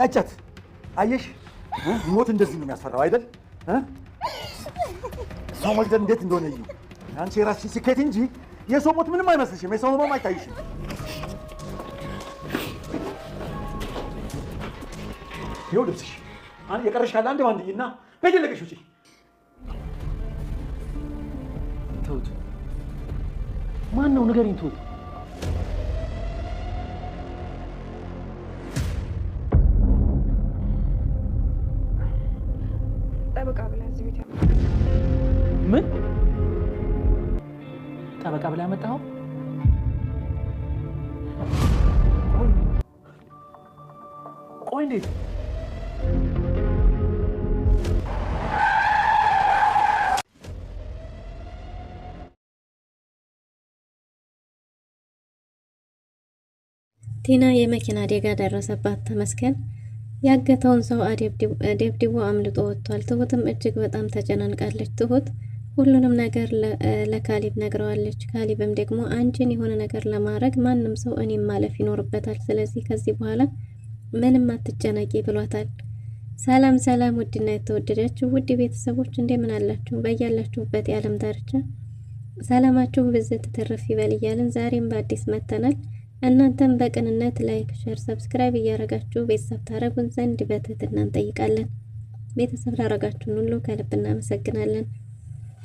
ቀጨት። አየሽ፣ ሞት እንደዚህ ነው የሚያስፈራው አይደል? ሰው መግደል እንዴት እንደሆነ እዩ። አንቺ የራስሽን ስኬት እንጂ የሰው ሞት ምንም አይመስልሽም፣ የሰው ህመም አይታይሽም። ይኸው ልብስሽ የቀረሽ ካለ አንድ ባንድይና በየለቀሽ ውጪ። ተውት። ማን ነው ንገሪኝ። ተውት ቲና የመኪና አደጋ ደረሰባት። ተመስገን ያገተውን ሰው ደብድቦ አምልጦ ወጥቷል። ትሁትም እጅግ በጣም ተጨናንቃለች። ትሁት ሁሉንም ነገር ለካሊብ ነግረዋለች። ካሊብም ደግሞ አንቺን የሆነ ነገር ለማድረግ ማንም ሰው እኔም ማለፍ ይኖርበታል፣ ስለዚህ ከዚህ በኋላ ምንም አትጨነቂ ብሏታል። ሰላም ሰላም! ውድና የተወደዳችሁ ውድ ቤተሰቦች እንደምን አላችሁ? በያላችሁበት የዓለም ዳርቻ ሰላማችሁ ብዝት ትርፍ ይበል እያልን ዛሬም በአዲስ መጥተናል። እናንተም በቅንነት ላይክ፣ ሸር፣ ሰብስክራይብ እያደረጋችሁ ቤተሰብ ታደረጉን ዘንድ በትህትና እንጠይቃለን። ቤተሰብ ላደረጋችሁን ሁሉ ከልብ እናመሰግናለን።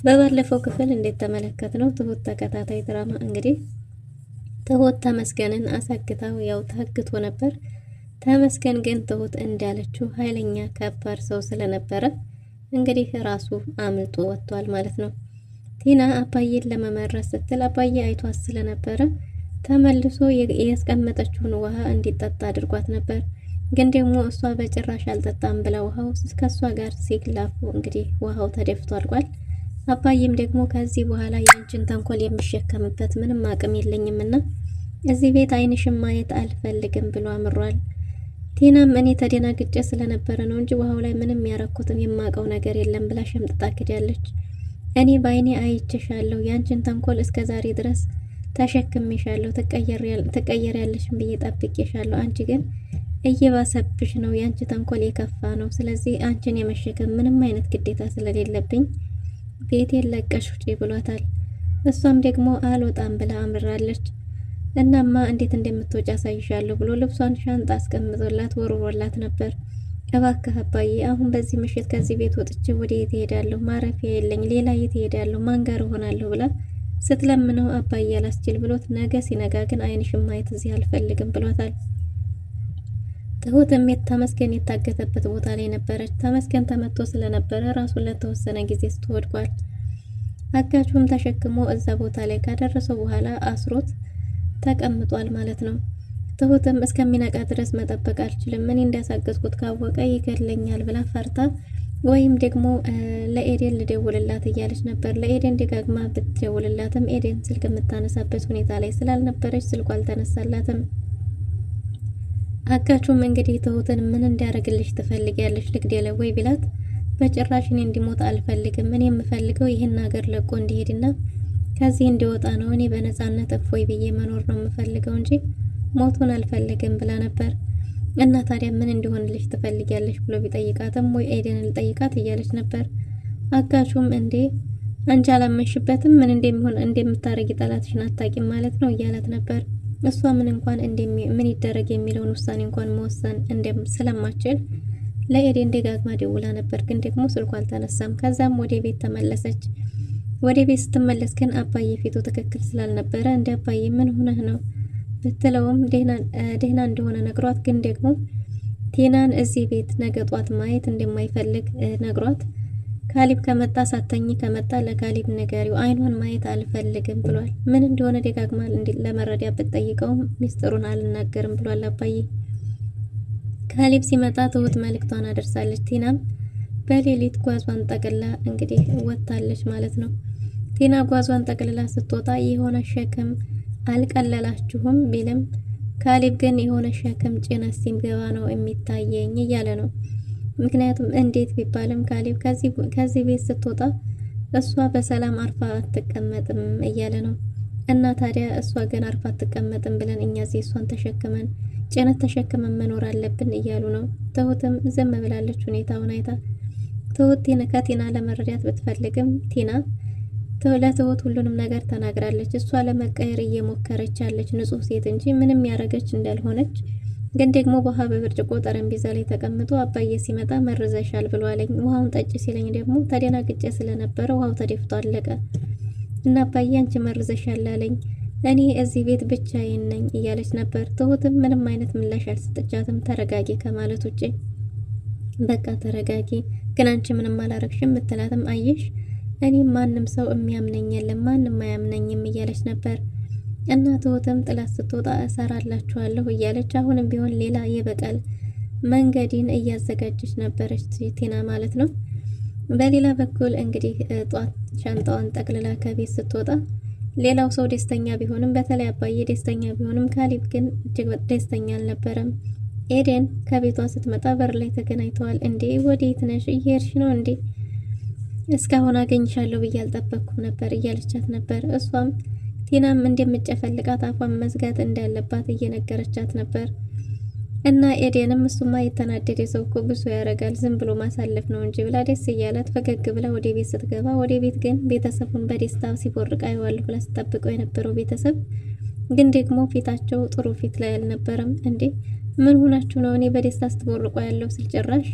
በባለፈው ክፍል እንዴት ተመለከት ነው ትሁት ተከታታይ ድራማ እንግዲህ ትሁት ተመስገንን አሳግታው ያው ታግቶ ነበር። ተመስገን ግን ትሁት እንዳለችው ኃይለኛ ከባድ ሰው ስለነበረ እንግዲህ ራሱ አምልጦ ወጥቷል ማለት ነው። ቲና አባዬን ለመመረስ ስትል አባዬ አይቷት ስለነበረ ተመልሶ ያስቀመጠችውን ውሃ እንዲጠጣ አድርጓት ነበር። ግን ደግሞ እሷ በጭራሽ አልጠጣም ብላ ውሃው ከእሷ ጋር ሲክላፉ እንግዲህ ውሃው ተደፍቶ አልቋል። አባይም ደግሞ ከዚህ በኋላ የአንችን ተንኮል የምሸከምበት ምንም አቅም የለኝም እዚህ ቤት ዓይንሽን ማየት አልፈልግም ብሎ አምሯል። ቴናም እኔ ተደናግጬ ስለነበረ ነው እንጂ ውሃው ላይ ምንም ያረኩትም የማውቀው ነገር የለም ብላ ሸምጥጣ ክዳለች። እኔ በአይኔ አይቼሻለሁ የአንችን ተንኮል እስከ ዛሬ ድረስ ተሸክሜሻለሁ፣ ትቀየሪያለሽን ብዬ ጠብቄሻለሁ። አንቺ ግን እየባሰብሽ ነው። የአንቺ ተንኮል የከፋ ነው። ስለዚህ አንቺን የመሸከም ምንም አይነት ግዴታ ስለሌለብኝ ቤቴን ለቀሽ ውጪ ብሏታል። እሷም ደግሞ አልወጣም ብላ አምራለች። እናማ እንዴት እንደምትወጪ አሳይሻለሁ ብሎ ልብሷን ሻንጣ አስቀምጦላት ወርወላት ነበር። እባክህ አባዬ አሁን በዚህ ምሽት ከዚህ ቤት ወጥቼ ወደ የት እሄዳለሁ? ማረፊያ የለኝ። ሌላ የት እሄዳለሁ? ማን ጋር እሆናለሁ ብላ ስትለምነው አባዬ አላስችል ብሎት ነገ ሲነጋ ግን አይንሽም ማየት እዚህ አልፈልግም ብሏታል። ትሁትም ተመስገን የታገተበት ቦታ ላይ ነበረች። ተመስገን ተመቶ ስለነበረ ራሱን ለተወሰነ ጊዜ ስትወድቋል። አጋቹም ተሸክሞ እዛ ቦታ ላይ ካደረሰው በኋላ አስሮት ተቀምጧል ማለት ነው። ትሁትም እስከሚነቃ ድረስ መጠበቅ አልችልም፣ እኔ እንዳሳገዝኩት ካወቀ ይገድለኛል ብላ ፈርታ ወይም ደግሞ ለኤደን ልደውልላት እያለች ነበር። ለኤደን ደጋግማ ብትደውልላትም ኤደን ስልክ የምታነሳበት ሁኔታ ላይ ስላልነበረች ስልኩ አልተነሳላትም። አጋቹም እንግዲህ ትሁትን ምን እንዲያደርግልሽ ትፈልጊያለሽ? ልግደለው ወይ ቢላት በጭራሽ እኔ እንዲሞት አልፈልግም። እኔ የምፈልገው ይህን ሀገር ለቆ እንዲሄድና ከዚህ እንዲወጣ ነው። እኔ በነፃነት እፎይ ብዬ መኖር ነው የምፈልገው እንጂ ሞቱን አልፈልግም ብላ ነበር። እና ታዲያ ምን እንደሆነልሽ ትፈልጊያለሽ ብሎ ቢጠይቃትም ወይ ኤደንን ልጠይቃት እያለች ነበር። አጋቹም እንዴ አንቺ አላመሽበትም ምን እንደሚሆን እንደምታረጊ ጠላትሽን አታቂም ማለት ነው እያላት ነበር። እሷ ምን እንኳን ምን ይደረግ የሚለውን ውሳኔ እንኳን መወሰን እንደም ስለማችል ለኤደን ደጋግማ ደውላ ነበር፣ ግን ደግሞ ስልኳ አልተነሳም። ከዛም ወደ ቤት ተመለሰች። ወደ ቤት ስትመለስ ግን አባዬ ፊቱ ትክክል ስላልነበረ እንደ አባዬ ምን ሆነህ ነው ብትለውም ደህና እንደሆነ ነግሯት፣ ግን ደግሞ ቴናን እዚህ ቤት ነገ ጧት ማየት እንደማይፈልግ ነግሯት ካሊብ ከመጣ ሳተኝ ከመጣ ለካሊብ ንገሪው፣ አይኗን ማየት አልፈልግም ብሏል። ምን እንደሆነ ደጋግማ ለመረዳ ብትጠይቀውም ሚስጥሩን አልናገርም ብሏል አባዬ። ካሊብ ሲመጣ ትሁት መልእክቷን አደርሳለች። ቲናም በሌሊት ጓዟን ጠቅላ እንግዲህ ወጥታለች ማለት ነው። ቲና ጓዟን ጠቅልላ ስትወጣ የሆነ ሸክም አልቀለላችሁም ቢልም ካሌብ ግን የሆነ ሸክም ጭነት ሲገባ ነው የሚታየኝ እያለ ነው። ምክንያቱም እንዴት ቢባልም ካሌብ ከዚህ ቤት ስትወጣ እሷ በሰላም አርፋ አትቀመጥም እያለ ነው። እና ታዲያ እሷ ግን አርፋ አትቀመጥም ብለን እኛ እዚህ እሷን ተሸክመን ጭነት ተሸክመን መኖር አለብን እያሉ ነው። ትሁትም ዝም ብላለች ሁኔታውን አይታ። ትሁት ቲና ከቲና ለመረዳት ብትፈልግም ቲና ለትሁት ሁሉንም ነገር ተናግራለች። እሷ ለመቀየር እየሞከረች ያለች ንጹህ ሴት እንጂ ምንም ያደረገች እንዳልሆነች ግን ደግሞ ውሃ በብርጭቆ ጠረጴዛ ላይ ተቀምጦ አባዬ ሲመጣ መርዘሻል ብሎ አለኝ። ውሃውን ጠጭ ሲለኝ ደግሞ ተደናግጬ ስለነበረ ውሃው ተደፍቶ አለቀ እና አባዬ አንቺ መርዘሻል አለኝ። እኔ እዚህ ቤት ብቻዬን ነኝ እያለች ነበር። ትሁትም ምንም አይነት ምላሽ አልሰጠቻትም ተረጋጊ ከማለት ውጭ። በቃ ተረጋጊ፣ ግን አንቺ ምንም አላረግሽም ምትላትም አየሽ እኔም ማንም ሰው የሚያምነኝ የለም ማንም አያምነኝም እያለች ነበር። እናትዎትም ጥላት ስትወጣ እሰራላችኋለሁ እያለች አሁንም ቢሆን ሌላ የበቀል መንገድን እያዘጋጀች ነበረች ቴና ማለት ነው። በሌላ በኩል እንግዲህ ጧት ሻንጣዋን ጠቅልላ ከቤት ስትወጣ ሌላው ሰው ደስተኛ ቢሆንም በተለይ አባዬ ደስተኛ ቢሆንም ካሊብ ግን እጅግ ደስተኛ አልነበረም። ኤደን ከቤቷ ስትመጣ በር ላይ ተገናኝተዋል። እንዴ ወዴት ነሽ? እየሄድሽ ነው እንዴ? እስካሁን አገኝሻለሁ ብዬ አልጠበቅኩም ነበር እያለቻት ነበር። እሷም ቲናም እንደምጨፈልቃት አፏን መዝጋት እንዳለባት እየነገረቻት ነበር። እና ኤዴንም እሱማ የተናደደ ሰው እኮ ብሶ ያደርጋል ዝም ብሎ ማሳለፍ ነው እንጂ ብላ ደስ እያላት ፈገግ ብላ ወደ ቤት ስትገባ፣ ወደ ቤት ግን ቤተሰቡን በደስታ ሲቦርቅ ይዋል ብላ ስጠብቀው የነበረው ቤተሰብ ግን ደግሞ ፊታቸው ጥሩ ፊት ላይ አልነበረም። እንዴ ምን ሆናችሁ ነው? እኔ በደስታ ስትቦርቁ ያለው ስል ጭራሽ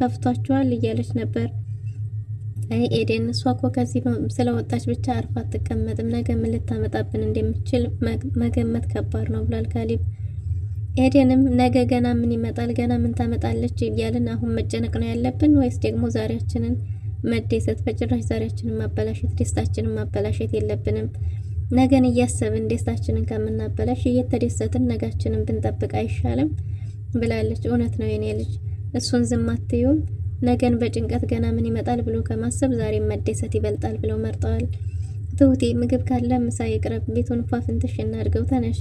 ከፍቷችኋል እያለች ነበር አይ ኤደን፣ እሷ እኮ ከዚህ ስለወጣች ብቻ አርፋ አትቀመጥም፣ ነገ ምን ልታመጣብን እንደምትችል መገመት ከባድ ነው ብሏል ካሊብ። ኤደንም ነገ ገና ምን ይመጣል፣ ገና ምን ታመጣለች እያልን አሁን መጨነቅ ነው ያለብን ወይስ ደግሞ ዛሬያችንን መደሰት? በጭራሽ ዛሬያችንን ማበላሸት፣ ደስታችንን ማበላሸት የለብንም። ነገን እያሰብን ደስታችንን ከምናበላሽ እየተደሰትን ነጋችንን ብንጠብቅ አይሻልም? ብላለች። እውነት ነው የኔ ልጅ፣ እሱን ዝም አትዩም። ነገን በጭንቀት ገና ምን ይመጣል ብሎ ከማሰብ ዛሬ መደሰት ይበልጣል ብለው መርጠዋል። ትሁቴ ምግብ ካለ ምሳ ይቅረብ፣ ቤቱን ፏ እናድርገው፣ ተነሺ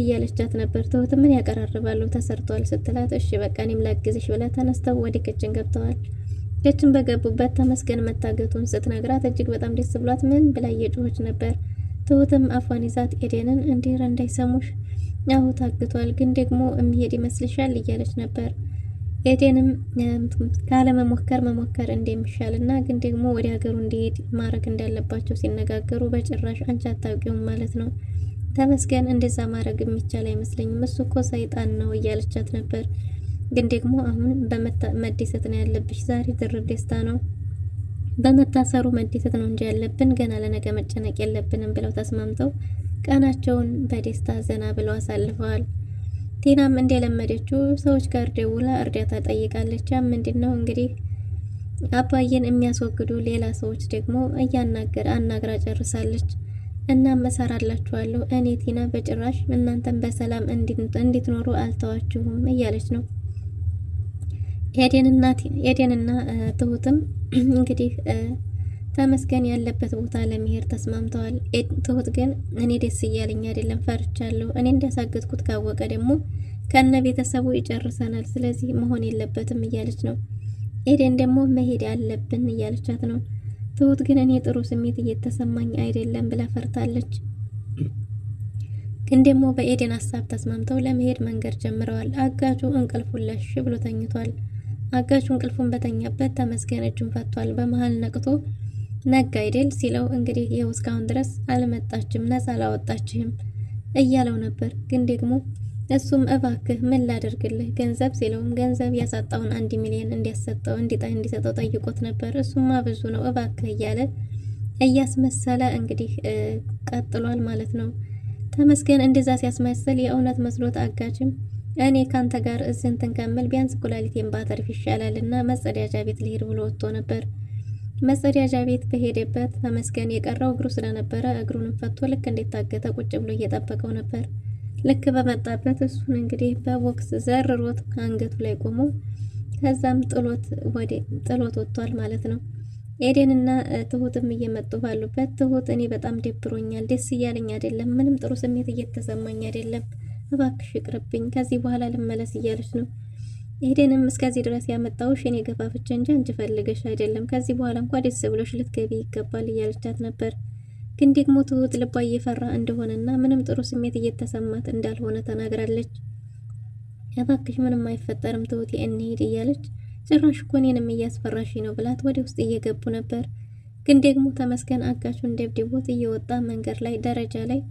እያለቻት ነበር። ትሁት ምን ያቀራርባሉ ተሰርቷል ስትላት፣ እሺ በቃ እኔም ላግዝሽ ብላ ተነስተው ወደ ክችን ገብተዋል። ክችን በገቡበት ተመስገን መታገቱን ስትነግራት እጅግ በጣም ደስ ብሏት ምን ብላ እየጮኸች ነበር። ትሁትም አፏን ይዛት ኤደንን እንዲህ እንዳይሰሙሽ አሁ ታግቷል፣ ግን ደግሞ የሚሄድ ይመስልሻል እያለች ነበር። ኤደንም ካለመሞከር መሞከር እንደሚሻል እና ግን ደግሞ ወደ ሀገሩ እንዲሄድ ማድረግ እንዳለባቸው ሲነጋገሩ በጭራሽ አንቺ አታውቂውም ማለት ነው ተመስገን እንደዛ ማድረግ የሚቻል አይመስለኝም እሱ እኮ ሰይጣን ነው እያለቻት ነበር። ግን ደግሞ አሁን መደሰት ነው ያለብሽ። ዛሬ ድርብ ደስታ ነው፣ በመታሰሩ መደሰት ነው እንጂ ያለብን ገና ለነገ መጨነቅ የለብንም ብለው ተስማምተው ቀናቸውን በደስታ ዘና ብለው አሳልፈዋል። ቲናም እንደለመደችው ሰዎች ጋር ደውላ እርዳታ ጠይቃለች። ምንድን ነው እንግዲህ አባዬን የሚያስወግዱ ሌላ ሰዎች ደግሞ እያናገር አናግራ ጨርሳለች። እናም እሰራላችኋለሁ እኔ ቲና በጭራሽ እናንተን በሰላም እንድትኖሩ አልተዋችሁም እያለች ነው። ኤደንና ትሁትም እንግዲህ ተመስገን ያለበት ቦታ ለመሄድ ተስማምተዋል። ትሁት ግን እኔ ደስ እያለኝ አይደለም፣ ፈርቻለሁ። እኔ እንዳሳገጥኩት ካወቀ ደግሞ ከነ ቤተሰቡ ይጨርሰናል፣ ስለዚህ መሆን የለበትም እያለች ነው። ኤደን ደግሞ መሄድ አለብን እያለቻት ነው። ትሁት ግን እኔ ጥሩ ስሜት እየተሰማኝ አይደለም ብላ ፈርታለች። ግን ደግሞ በኤደን ሀሳብ ተስማምተው ለመሄድ መንገድ ጀምረዋል። አጋቹ እንቅልፉን ለሽ ብሎ ተኝቷል። አጋቹ እንቅልፉን በተኛበት ተመስገን እጁን ፈቷል። በመሀል ነቅቶ ነጋ አይደል ሲለው እንግዲህ ይኸው እስካሁን ድረስ አልመጣችም፣ ነፃ አላወጣችህም እያለው ነበር። ግን ደግሞ እሱም እባክህ ምን ላደርግልህ ገንዘብ ሲለውም ገንዘብ ያሳጣውን አንድ ሚሊዮን እንዲያሰጠው እንዲሰጠው ጠይቆት ነበር። እሱማ ብዙ ነው እባክህ እያለ እያስመሰለ እንግዲህ ቀጥሏል ማለት ነው። ተመስገን እንደዛ ሲያስመስል የእውነት መስሎት አጋጅም እኔ ካንተ ጋር እዝን ከምል ቢያንስ ኩላሊቴን ባተርፍ ይሻላል እና መጸዳጃ ቤት ልሄድ ብሎ ወጥቶ ነበር። መጸዳጃ ቤት በሄደበት ተመስገን የቀረው እግሩ ስለነበረ እግሩንም ፈቶ ልክ ታገተ ቁጭ ብሎ እየጠበቀው ነበር። ልክ በመጣበት እሱን እንግዲህ በቦክስ ዘርሮት አንገቱ ላይ ቆሞ ከዛም ጥሎት ወደ ጥሎት ወጥቷል ማለት ነው። ኤደንና ትሁትም እየመጡ ባሉበት ትሁት እኔ በጣም ደብሮኛል፣ ደስ እያለኝ አይደለም፣ ምንም ጥሩ ስሜት እየተሰማኝ አይደለም፣ እባክሽ ይቅርብኝ፣ ከዚህ በኋላ ልመለስ እያለች ነው ይህንንም እስከዚህ ድረስ ያመጣውሽ እኔ ገፋፍቼ እንጂ አንቺ ፈልገሽ አይደለም። ከዚህ በኋላ እንኳ ደስ ብሎሽ ልትገቢ ይገባል እያለቻት ነበር። ግን ደግሞ ትሁት ልቧ እየፈራ እንደሆነና ምንም ጥሩ ስሜት እየተሰማት እንዳልሆነ ተናግራለች። እባክሽ ምንም አይፈጠርም ትሁቴ እንሄድ እያለች ጭራሽ እኮ እኔንም እያስፈራሽ ነው ብላት ወደ ውስጥ እየገቡ ነበር። ግን ደግሞ ተመስገን አጋቹን ደብድቦት እየወጣ መንገድ ላይ ደረጃ ላይ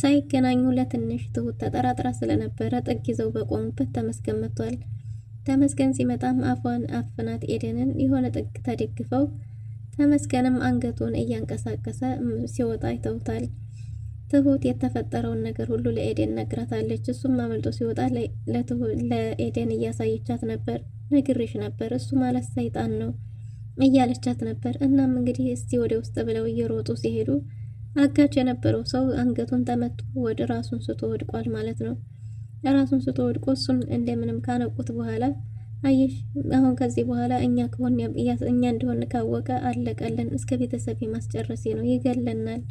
ሳይገናኙ ለትንሽ ትሁት ተጠራጥራ ስለነበረ ጥግ ይዘው በቆሙበት ተመስገን መጥቷል። ተመስገን ሲመጣም አፏን አፍናት ኤደንን የሆነ ጥግ ተደግፈው ተመስገንም አንገቱን እያንቀሳቀሰ ሲወጣ ይተውታል። ትሁት የተፈጠረውን ነገር ሁሉ ለኤደን ነግራታለች። እሱም አመልጦ ሲወጣ ለኤደን እያሳየቻት ነበር። ነግሬሽ ነበር እሱ ማለት ሰይጣን ነው እያለቻት ነበር። እናም እንግዲህ እስቲ ወደ ውስጥ ብለው እየሮጡ ሲሄዱ አጋች የነበረው ሰው አንገቱን ተመቶ ወደ ራሱን ስቶ ወድቋል ማለት ነው። ራሱን ስቶ ወድቆ እሱን እንደምንም ካነቁት በኋላ አየሽ፣ አሁን ከዚህ በኋላ እኛ ከሆን እኛ እንደሆን ካወቀ አለቀልን፣ እስከ ቤተሰብ የማስጨረሴ ነው፣ ይገለናል፣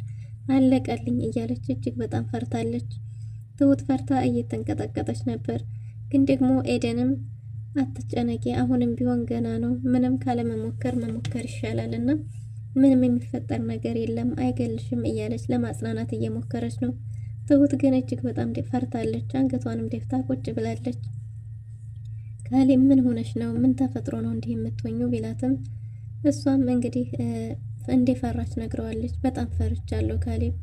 አለቀልኝ እያለች እጅግ በጣም ፈርታለች። ትሁት ፈርታ እየተንቀጠቀጠች ነበር። ግን ደግሞ ኤደንም አትጨነቂ፣ አሁንም ቢሆን ገና ነው፣ ምንም ካለመሞከር መሞከር ይሻላል እና ምንም የሚፈጠር ነገር የለም አይገልሽም እያለች ለማጽናናት እየሞከረች ነው። ትሁት ግን እጅግ በጣም ፈርታለች። አንገቷንም ደፍታ ቁጭ ብላለች። ካሌ ምን ሆነች ነው ምን ተፈጥሮ ነው እንዲህ የምትሆኙ ቢላትም እሷም እንግዲህ እንደፈራች ነግረዋለች። በጣም ፈርቻለሁ ካሌብ፣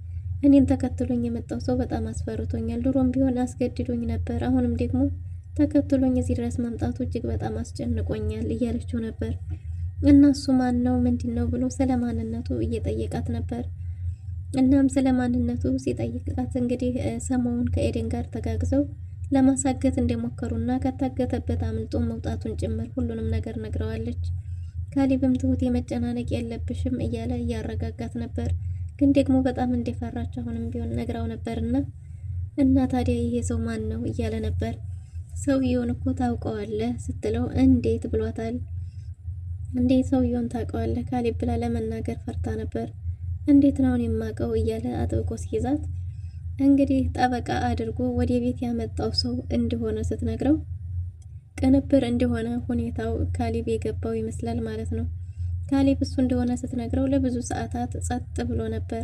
እኔን ተከትሎኝ የመጣው ሰው በጣም አስፈርቶኛል። ድሮም ቢሆን አስገድዶኝ ነበር፣ አሁንም ደግሞ ተከትሎኝ እዚህ ድረስ መምጣቱ እጅግ በጣም አስጨንቆኛል እያለችው ነበር። እና እሱ ማን ነው ምንድን ነው ብሎ ስለ ማንነቱ እየጠየቃት ነበር። እናም ስለ ማንነቱ ሲጠይቃት እንግዲህ ሰሞኑን ከኤደን ጋር ተጋግዘው ለማሳገት እንደሞከሩና ከታገተበት አምልጦ መውጣቱን ጭምር ሁሉንም ነገር ነግረዋለች። ካሊብም ትሁቴ መጨናነቅ የለብሽም እያለ እያረጋጋት ነበር። ግን ደግሞ በጣም እንደፈራች አሁንም ቢሆን ነግራው ነበርና እና ታዲያ ይሄ ሰው ማን ነው እያለ ነበር። ሰውየውን እኮ ታውቀዋለህ ስትለው እንዴት ብሏታል። እንዴት ሰውየውን ታውቀዋለህ ካሊብ ብላ ለመናገር ፈርታ ነበር። እንዴት ነው የማውቀው እያለ አጥብቆ ሲይዛት እንግዲህ ጠበቃ አድርጎ ወደ ቤት ያመጣው ሰው እንደሆነ ስትነግረው ቅንብር እንደሆነ ሁኔታው ካሊብ የገባው ይመስላል ማለት ነው። ካሊብ እሱ እንደሆነ ስትነግረው ለብዙ ሰዓታት ጸጥ ብሎ ነበር።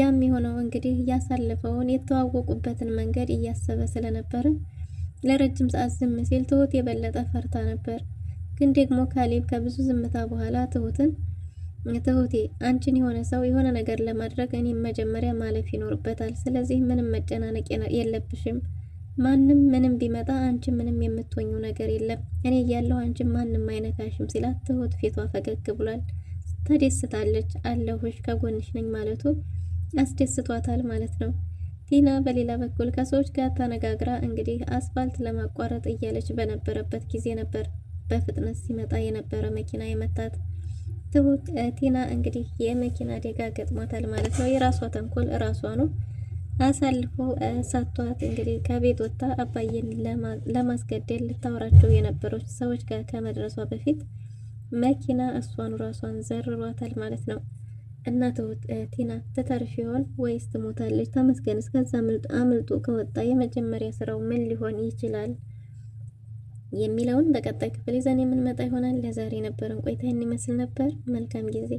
ያም የሆነው እንግዲህ እያሳለፈውን የተዋወቁበትን መንገድ እያሰበ ስለነበረ ለረጅም ሰዓት ዝም ሲል ትሁት የበለጠ ፈርታ ነበር። ግን ደግሞ ካሊብ ከብዙ ዝምታ በኋላ ትሁትን ትሁቴ አንቺን የሆነ ሰው የሆነ ነገር ለማድረግ እኔም መጀመሪያ ማለፍ ይኖርበታል። ስለዚህ ምንም መጨናነቅ የለብሽም። ማንም ምንም ቢመጣ አንቺ ምንም የምትወኙ ነገር የለም። እኔ እያለሁ አንቺ ማንም አይነካሽም ሲላት ትሁት ፊቷ ፈገግ ብሏል። ተደስታለች። አለሁሽ ከጎንሽ ነኝ ማለቱ አስደስቷታል ማለት ነው። ቲና በሌላ በኩል ከሰዎች ጋር ተነጋግራ እንግዲህ አስፋልት ለማቋረጥ እያለች በነበረበት ጊዜ ነበር በፍጥነት ሲመጣ የነበረ መኪና የመታት ትሁት ቲና እንግዲህ የመኪና አደጋ ገጥሟታል ማለት ነው። የራሷ ተንኮል ራሷ ነው አሳልፎ ሰጥቷት እንግዲህ ከቤት ወጥታ አባዬን ለማስገደል ልታወራቸው የነበረች ሰዎች ጋር ከመድረሷ በፊት መኪና እሷን ራሷን ዘርሯታል ማለት ነው። እና ትሁት ቲና ትተርፍ ይሆን ወይስ ትሞታለች? ተመስገን እስከዛ አምልጦ ከወጣ የመጀመሪያ ስራው ምን ሊሆን ይችላል? የሚለውን በቀጣይ ክፍል ይዘን የምንመጣ ይሆናል። ለዛሬ የነበረን ቆይታ ይህን ይመስል ነበር። መልካም ጊዜ